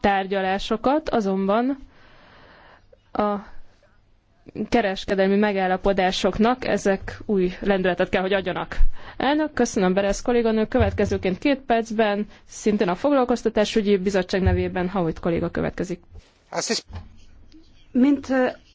tárgyalásokat, azonban a kereskedelmi megállapodásoknak ezek új lendületet kell, hogy adjanak. Elnök, köszönöm Berez kolléganő. Következőként két percben, szintén a foglalkoztatásügyi bizottság nevében Hawit kolléga következik. Mint